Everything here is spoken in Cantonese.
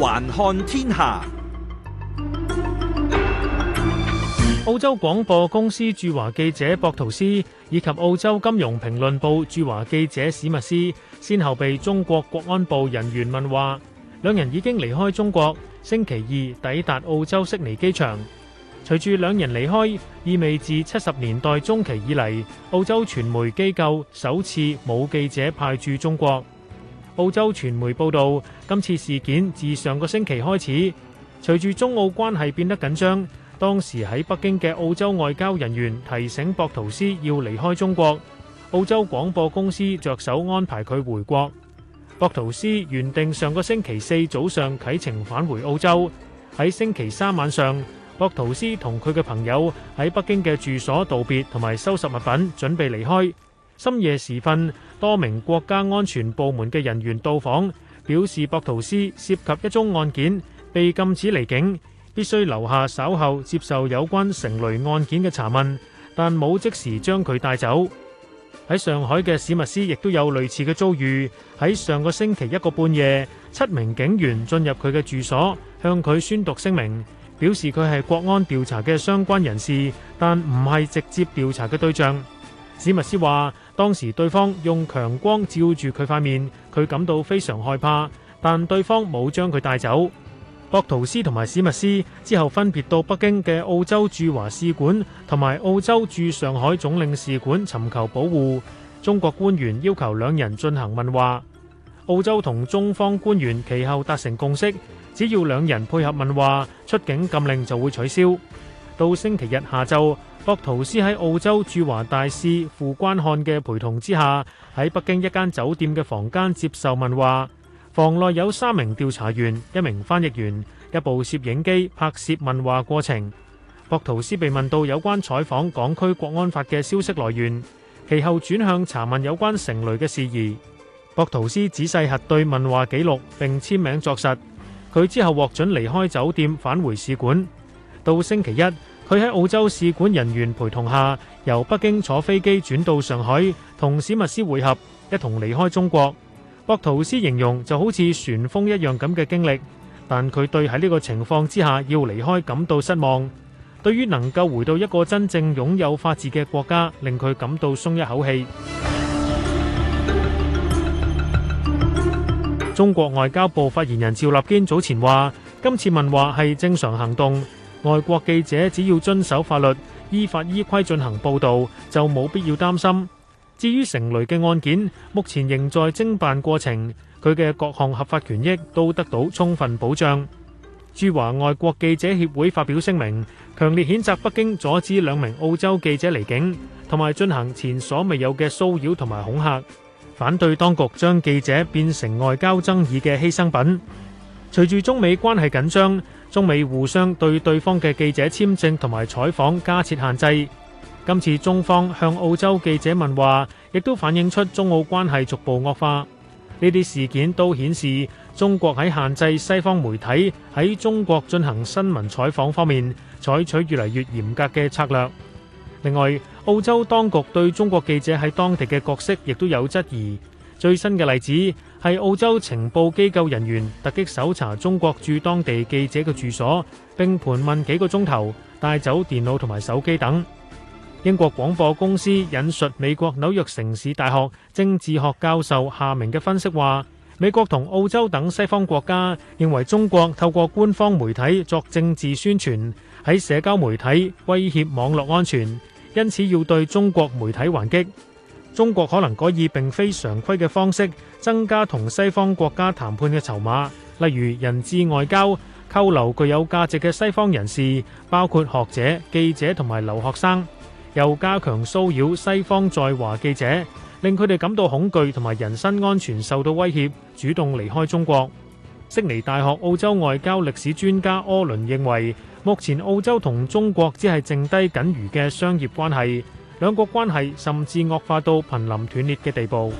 環看天下，澳洲廣播公司駐華記者博圖斯以及澳洲金融評論報駐華記者史密斯先後被中國國安部人員問話，兩人已經離開中國，星期二抵達澳洲悉尼機場。隨住兩人離開，意味自七十年代中期以嚟，澳洲傳媒機構首次冇記者派駐中國。澳洲傳媒報道，今次事件自上個星期開始，隨住中澳關係變得緊張，當時喺北京嘅澳洲外交人員提醒博圖斯要離開中國，澳洲廣播公司着手安排佢回國。博圖斯原定上個星期四早上啟程返回澳洲，喺星期三晚上，博圖斯同佢嘅朋友喺北京嘅住所道別，同埋收拾物品準備離開。深夜時分，多名國家安全部門嘅人員到訪，表示博圖斯涉及一宗案件，被禁止離境，必須留下稍後接受有關成蕾案件嘅查問，但冇即時將佢帶走。喺上海嘅史密斯亦都有類似嘅遭遇。喺上個星期一個半夜，七名警員進入佢嘅住所，向佢宣讀聲明，表示佢係國安調查嘅相關人士，但唔係直接調查嘅對象。史密斯話。當時對方用強光照住佢塊面，佢感到非常害怕，但對方冇將佢帶走。博圖斯同埋史密斯之後分別到北京嘅澳洲駐華使館同埋澳洲駐上海總領事館尋求保護。中國官員要求兩人進行問話。澳洲同中方官員其後達成共識，只要兩人配合問話，出境禁令就會取消。到星期日下晝。博圖斯喺澳洲駐華大使傅關漢嘅陪同之下，喺北京一間酒店嘅房間接受問話。房內有三名調查員、一名翻譯員、一部攝影機拍攝問話過程。博圖斯被問到有關採訪港區國安法嘅消息來源，其後轉向查問有關成蕾嘅事宜。博圖斯仔細核對問話記錄，並簽名作實。佢之後獲准離開酒店，返回使館。到星期一。佢喺澳洲使館人員陪同下，由北京坐飛機轉到上海，同史密斯會合，一同離開中國。博圖斯形容就好似旋風一樣咁嘅經歷，但佢對喺呢個情況之下要離開感到失望。對於能夠回到一個真正擁有法治嘅國家，令佢感到鬆一口氣。 中國外交部發言人趙立堅早前話，今次問話係正常行動。外國記者只要遵守法律、依法依規進行報道，就冇必要擔心。至於成蕾嘅案件，目前仍在偵辦過程，佢嘅各項合法權益都得到充分保障。駐華外國記者協會發表聲明，強烈譴責北京阻止兩名澳洲記者離境，同埋進行前所未有嘅騷擾同埋恐吓，反對當局將記者變成外交爭議嘅犧牲品。隨住中美關係緊張。中美互相對對方嘅記者簽證同埋採訪加設限制。今次中方向澳洲記者問話亦都反映出中澳關係逐步惡化。呢啲事件都顯示中國喺限制西方媒體喺中國進行新聞採訪方面採取越嚟越嚴格嘅策略。另外，澳洲當局對中國記者喺當地嘅角色亦都有質疑。最新嘅例子係澳洲情報機構人員突擊搜查中國駐當地記者嘅住所，並盤問幾個鐘頭，帶走電腦同埋手機等。英國廣播公司引述美國紐約城市大學政治學教授夏明嘅分析話，美國同澳洲等西方國家認為中國透過官方媒體作政治宣傳，喺社交媒體威脅網絡安全，因此要對中國媒體還擊。中國可能改以並非常規嘅方式增加同西方國家談判嘅籌碼，例如人質外交、扣留具有價值嘅西方人士，包括學者、記者同埋留學生，又加強騷擾西方在華記者，令佢哋感到恐懼同埋人身安全受到威脅，主動離開中國。悉尼大學澳洲外交歷史專家柯倫認為，目前澳洲同中國只係剩低僅餘嘅商業關係。兩國關係甚至惡化到瀕臨斷裂嘅地步。